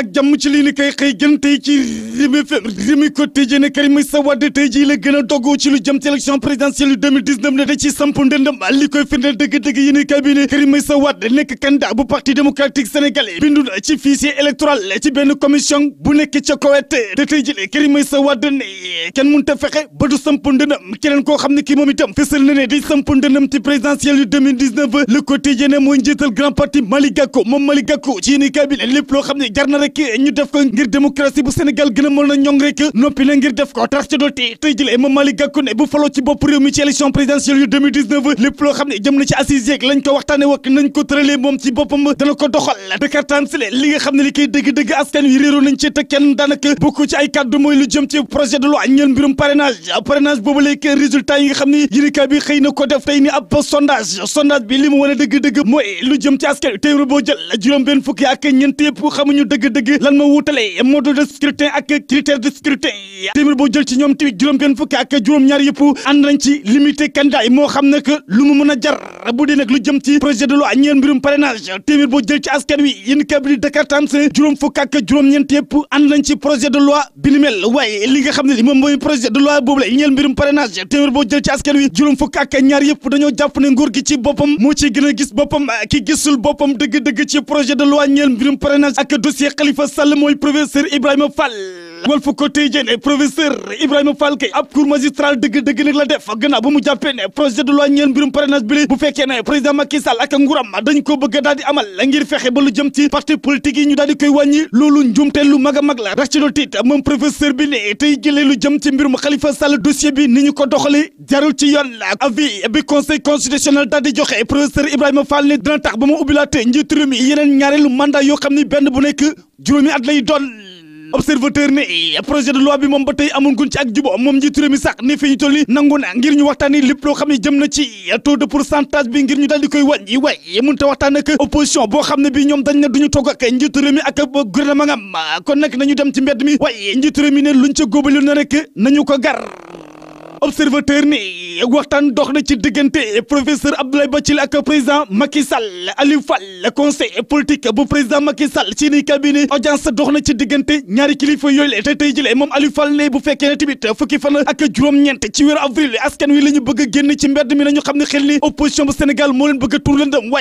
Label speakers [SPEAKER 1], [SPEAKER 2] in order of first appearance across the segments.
[SPEAKER 1] ak jàmm ci lii ni kay xëy tey ci Rewmi FM Rewmi Quotidien Karim Meïssa Wade tey jii la gën dogu ci lu jëm ci élection présidentielle yu 2019 ne da ci samp ndëndam li koy firndeel dëgg-dëgg yéen ne ci fichier électoral ci benn commission bu nekk ca Koweït te tey jii Karim Meïssa Wade ne kenn mënut a fexe ba du samp ndëndam koo xam ne kii moom itam fësal na ne day mooy njiital grand parti Malick Gakou moom Malick Gakou ci yéen i kaay lépp loo xam ne jar na rek rek ñu def ko ngir démocratie bu Sénégal gën a mën a ñoŋ rek noppi na ngir def ko tax dool te tey jëlee Mame Malick Gakou ne bu faloo ci bopp réew ci élection présidentielle yu 2019 lépp loo xam ne jëm na ci assises yeeg lañ ko waxtaane wak nañ ko tëralee moom ci boppam dana ko doxal Dakar Times le li nga xam ne li koy dëgg-dëgg askan wi réeroo nañ ci te kenn daanaka bokk ci ay ci projet de loi mooy lu jëm ci askan wi tey boo jël juróom benn fukk dëgg lan ma wuutale mode de scrutin ak critère de scrutin boo jël ci ñoom tamit juróom-benn fukk ak juróom-ñaar yëpp ànd nañ ci limité moo xam nag lu mu mën a jar bu jëm ci projet de loi ñeel mbirum parrainage téeméer boo jël ci askan wi yéen kabli Dakar Times juróom fukk ak juróom-ñeent yëpp ànd nañ ci ni waaye li nga xam ne moom mooy projet de loi boobu la ñeel mbirum parrainage téeméer boo jël ci askan wi juróom fukk ak ñaar yëpp dañoo jàpp nguur gi ci boppam moo ci gën a gis boppam ki gisul boppam dëgg-dëgg ci projet de loi ñeel mbirum parrainage ak dossier Khalifa Sall mooy professeur Ibrahima Fall Walf Quotidien professeur Ibrahima Fall kay ab cour magistral dëgg-dëgg nag la def gannaaw ba mu jàppee ne projet de loi ñeen mbirum parrainage bi bu fekkee ne président Macky Sall ak nguuram dañ ko bëgg daal di amal ngir fexe ba lu jëm ci parti politique yi ñu daal di koy wàññi loolu lu mag a mag la rax ci loolu tiit moom professeur bi ne tey jëlee lu jëm ci mbirum Khalifa Sall dossier bi ni ñu ko doxalee jarul ci yoon la avis bi conseil constitutionnel tax ba mu ubbilaatee njiitu réew mi yeneen ñaareelu mandat yoo xam ni benn bu nekk juróomi at lay observateur ne eh, projet de loi bi moom ba tey amul guñ ci ak jubo moom njiitu réew mi sax ni fi ñu toll ni nangu na ngir ñu waxtaani lépp loo xam ne jëm na ci eh, taux de pourcentage bi ngir ñu daal di koy wàññi waay eh, mun te waxtaan ak opposition boo xam ne bi ñoom dañ ne du ñu toog ak njiitu réew mi ak gouvernement ngam ah, kon nag nañu dem ci mbedd mi waay njiitu réew mi ne luñ ca góobaloon na rek nañu ko gar observateur ni waxtaan dox na ci diggante professeur Abdoulaye Bathily ak président Macky Sall Aliou Fall conseil politique bu président Macky Sall ci ni cabinet audience dox na ci diggante ñaari kilifa yooyu la te tey jëlee moom Aliou Fall ne bu fekkee ne tamit fukki fan ak juróom-ñeent ci weeru avril askan wi la ñu bëgg a ci mbedd mi nañu xam ne xel ni opposition bu Sénégal moo leen bëgg a tur leen dem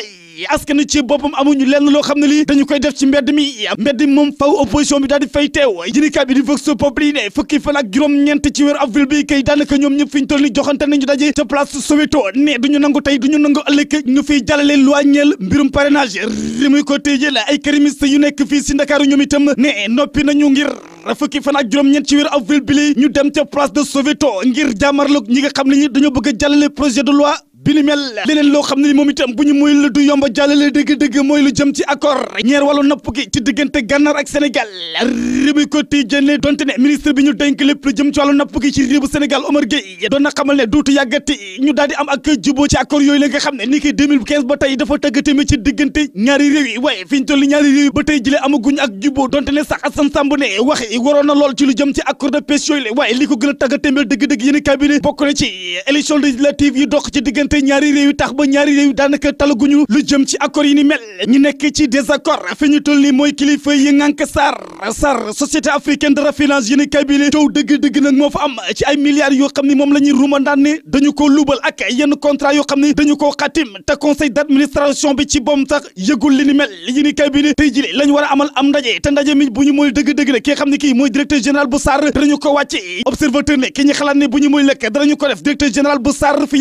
[SPEAKER 1] askanu ci boppam amuñu lenn loo xam ne lii dañu koy def ci mbedd mi mbedd mi moom faw opposition bi daal di fay teew yéenekaay bi di Vox Populi ne fukki fan juróom-ñeent ci weer avril bi kay daanaka ñoom ñëpp fi ñu toll ni joxante nañu daje ca place Soweto ne duñu nangu tey duñu yu nekk fii si Ndakaaru ñoom itam ne noppi nañu ngir fukki fan ak juróom-ñeent ci weer avril bi ñu dem ca place de Soweto ngir jàmmarloog ñi nga xam ne ñi dañoo bëgg a projet de loi bi ni mel loo xam ne moom itam bu ñu muy la du yomba jàllale dëgg-dëgg mooy lu jëm ci accord ñeer wàllu napp gi ci diggante gànnaar ak sénégal rémi quotidien ne donte ne ministre bi ñu dénk lépp lu jëm ci wàllu napp gi ci réewu sénégal Omar Gueye doon na xamal ne duutu yooyu la nga xam ne ni ki 2015 ba tey dafa tëggate mi ci diggante ñaari réew yi fi ñu toll ñaari réew ba tey jëlee amaguñ ak juboo donte ne sax Assane Samb ne wax waroon na lool ci lu jëm ci accord de pêche yooyu la waaye li ko gën a diggante diggante ñaari réew tax ba ñaari réew yi daanaka talaguñu lu jëm ci accord yi ni mel ñu nekk ci désaccord fi ñu ni mooy kilifa yi ngànk SAR SAR africaine de raffinage yéen kay bi dëgg-dëgg nag moo am ci ay milliards yoo xam ne moom la ñuy rumandaan ne dañu ko luubal ak yenn contrat yoo xam ne dañu koo xatim te conseil d'administration bi ci bom sax yëgul li ni mel yéen i kay bi ne tey war a amal am ndaje te ndaje mi bu ñu mooy dëgg-dëgg ne ki xam ne kii mooy directeur général bu SAR danañu ko wàcce observateur ne ki ñu xalaat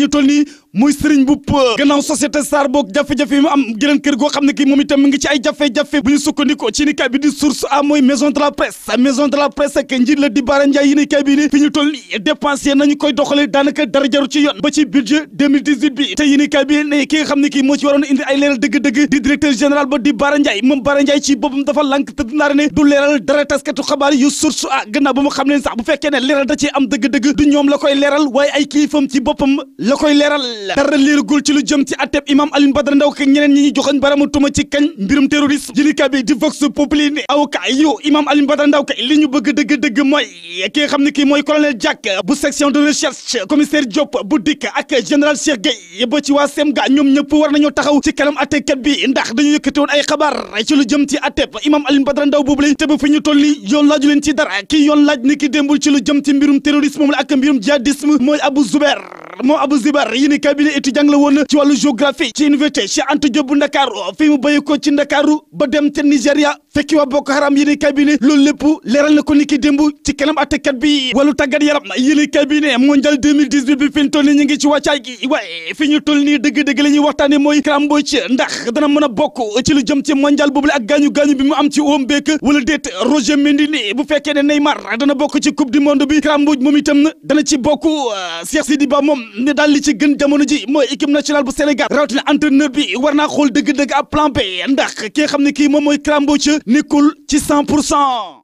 [SPEAKER 1] toll nii muy sëriñ bu pë gannaaw société sar boog jafe-jafe mu am geneen kër goo xam ne kii moom itam mi ci ay jafe-jafe bu ñu sukkandikoo ci ni kay bi di source a mooy maison de la presse maison de la presse ak njiit la di Bara Ndiaye yi ni kay bi ni fi ñu toll dépensé nañu koy doxale daanaka dara jaru ci yoon ba ci budget 2018 bi te yi ni kay bi ne ki xam ne kii moo ci waroon indi ay leeral dëgg-dëgg di directeur général ba di Bara Ndiaye moom Bara Ndiaye ci boppam dafa lànk tëdd a bu fekkee ne leeral da ci am dëgg-dëgg du ñoom koy leeral waaye ay kilifam ci boppam la koy leeral Sénégal dara leeragul ci lu jëm ci atteb imam Alioune Badara Ndaw ñeneen ñi ñu joxañ baramu tuma ci kañ mbirum terrorisme jëlika bi di vox populi ne awka yu imam Alioune Badara Ndaw li ñu bëgg dëgg-dëgg mooy ki nga xam ne kii mooy colonel Diack bu section de recherche commissaire Diop bu dikk ak général Cheikh Gueye ba ci waa semga ñoom ñëpp war nañoo taxaw ci kanam attekat bi ndax dañu yëkkati woon ay xabaar ci lu jëm ci atteb imam Alioune Badara Ndaw boobu lañ te ba fi ñu leen ci dara kii yoon laaj ni ci lu jëm ci mbirum terrorisme moom la ak mbirum moom Abou Zibar yi ni cabinet étudiant la woon ci wàllu géographie ci université Cheikh Anta Diop bu Ndakaaru fi mu béyi ko ci Ndakaaru ba dem ca Nigéria fekki waa Boko Haram yéen kay bi ne loolu leeral na ko ni ki ci kanam attekat bi wàllu tàggat yaram yéen kay bi ne mondial 2018 bi fi ñu toll nii ñu ngi ci wàccaay gi waaye fi ñu toll nii dëgg-dëgg la ñuy mooy karamboo ci ndax dana mën a bokk ci lu jëm ci mondial boobule ak gaañu-gaañu bi mu am ci óom beek wala Roger Mendy ni bu fekkee ne Neymar dana bokk ci coupe du monde bi karamboj moom itam dana ci bokk euh, Cheikh Sidi Ba moom ne daal li ci gën jamono ji mooy équipe nationale bu Sénégal rawatina entraîneur bi war naa xool dëgg-dëgg ab plan xam ne kii moom mooy karamboo nekkul ci 100 pour cent